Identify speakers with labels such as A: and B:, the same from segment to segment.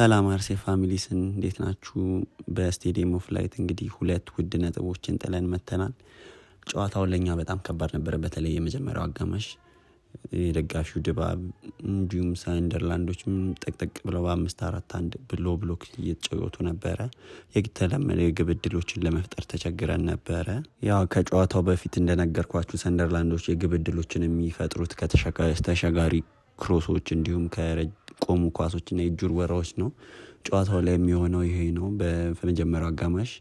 A: ሰላም አርሴ ፋሚሊስን እንዴት ናችሁ? በስቴዲየም ኦፍ ላይት እንግዲህ ሁለት ውድ ነጥቦችን ጥለን መተናል። ጨዋታው ለእኛ በጣም ከባድ ነበረ። በተለይ የመጀመሪያው አጋማሽ የደጋፊው ድባብ እንዲሁም ሰንደርላንዶችም ጠቅጠቅ ብለው በአምስት አራት አንድ ብሎ ብሎክ እየተጫወቱ ነበረ። የተለመደ የግብ እድሎችን ለመፍጠር ተቸግረን ነበረ። ያው ከጨዋታው በፊት እንደነገርኳችሁ ሰንደርላንዶች የግብ እድሎችን የሚፈጥሩት ከተሸጋሪ ክሮሶች እንዲሁም ኳሶች ኳሶችና የእጁር ወራዎች ነው። ጨዋታው ላይ የሚሆነው ይሄ ነው። በመጀመሪያው አጋማሽ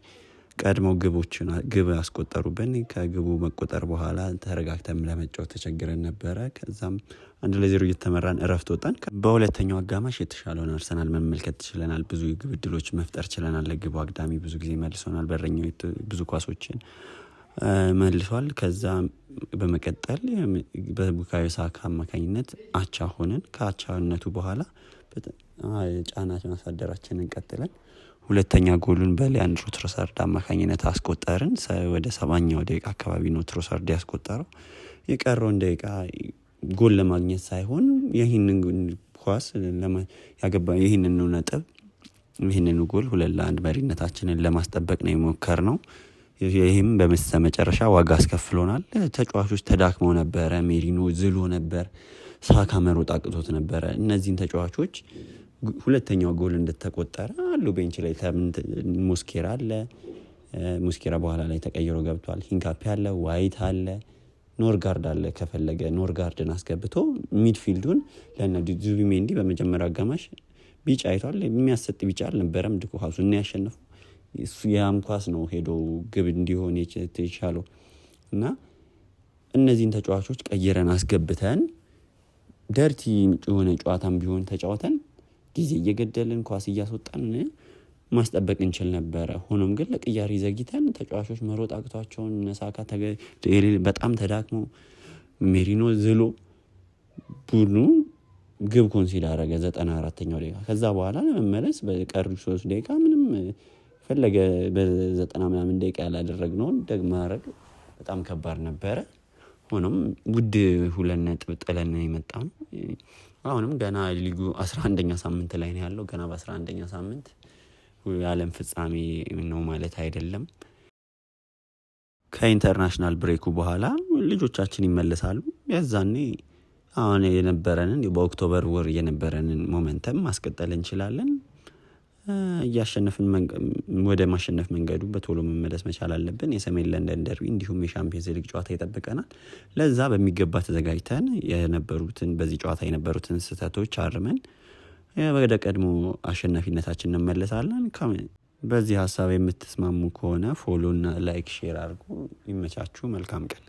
A: ቀድሞ ግቦችን ግብ አስቆጠሩብን። ከግቡ መቆጠር በኋላ ተረጋግተን ለመጫወት ተቸግረን ነበረ። ከዛም አንድ ለዜሮ እየተመራን እረፍት ወጣን። በሁለተኛው አጋማሽ የተሻለውን አርሰናል መመልከት ችለናል። ብዙ የግብ መፍጠር ችለናል። ለግቡ አግዳሚ ብዙ ጊዜ መልሶናል። በረኛው ብዙ ኳሶችን መልሷል። ከዛ በመቀጠል በቡካዮ ሳካ አማካኝነት አቻ ሆነን ከአቻነቱ በኋላ ጫና ማሳደራችንን ቀጥለን ሁለተኛ ጎሉን በሊያንድሮ ትሮሳርድ አማካኝነት አስቆጠርን። ወደ ሰባኛው ደቂቃ አካባቢ ነው ትሮሳርድ ያስቆጠረው። የቀረውን ደቂቃ ጎል ለማግኘት ሳይሆን ይህንን ኳስ ያገባ ይህንኑ ነጥብ ይህንኑ ጎል ሁለት ለአንድ መሪነታችንን ለማስጠበቅ ነው የሞከር ነው። ይህም በምስተ መጨረሻ ዋጋ አስከፍሎናል። ተጫዋቾች ተዳክመው ነበረ። ሜሪኖ ዝሎ ነበር። ሳካ መሮጥ አቅቶት ነበረ። እነዚህን ተጫዋቾች ሁለተኛው ጎል እንደተቆጠረ አሉ ቤንች ላይ ሙስኬራ አለ። ሙስኬራ በኋላ ላይ ተቀይሮ ገብቷል። ሂንካፒ አለ፣ ዋይት አለ፣ ኖርጋርድ አለ። ከፈለገ ኖርጋርድን አስገብቶ ሚድፊልዱን ለነ ዙቢሜንዲ በመጀመሪያው አጋማሽ ቢጫ አይቷል። የሚያሰጥ ቢጫ አልነበረም። ድኩ ሀሱ እና ያሸነፉ ያም ኳስ ነው ሄዶ ግብ እንዲሆን የቻለው እና እነዚህን ተጫዋቾች ቀይረን አስገብተን ደርቲ የሆነ ጨዋታም ቢሆን ተጫውተን ጊዜ እየገደልን ኳስ እያስወጣን ማስጠበቅ እንችል ነበረ። ሆኖም ግን ለቅያሪ ዘግይተን ተጫዋቾች መሮጥ አቅቷቸውን ነሳካ በጣም ተዳክሞ ሜሪኖ ዝሎ ቡድኑ ግብ ኮንሲል አረገ ዘጠና አራተኛው ደቂቃ። ከዛ በኋላ ለመመለስ በቀሪ ሶስት ደቂቃ ምንም ፈለገ በዘጠና ምናምን ደቂቃ ያላደረግነውን ደግመህ ማድረግ በጣም ከባድ ነበረ። ሆኖም ውድ ሁለት ነጥብ ጥለን የመጣን አሁንም ገና ሊጉ አስራ አንደኛ ሳምንት ላይ ነው ያለው። ገና በአስራ አንደኛ ሳምንት የዓለም ፍጻሜ ነው ማለት አይደለም። ከኢንተርናሽናል ብሬኩ በኋላ ልጆቻችን ይመለሳሉ። ያዛኔ አሁን የነበረንን በኦክቶበር ወር የነበረንን ሞመንተም ማስቀጠል እንችላለን። እያሸነፍን ወደ ማሸነፍ መንገዱ በቶሎ መመለስ መቻል አለብን። የሰሜን ለንደን ደርቢ እንዲሁም የሻምፒየንስ ሊግ ጨዋታ ይጠብቀናል። ለዛ በሚገባ ተዘጋጅተን የነበሩትን በዚህ ጨዋታ የነበሩትን ስህተቶች አርመን ወደ ቀድሞ አሸናፊነታችን እንመለሳለን። በዚህ ሀሳብ የምትስማሙ ከሆነ ፎሎና ላይክ፣ ሼር አድርጎ ይመቻችሁ። መልካም ቀን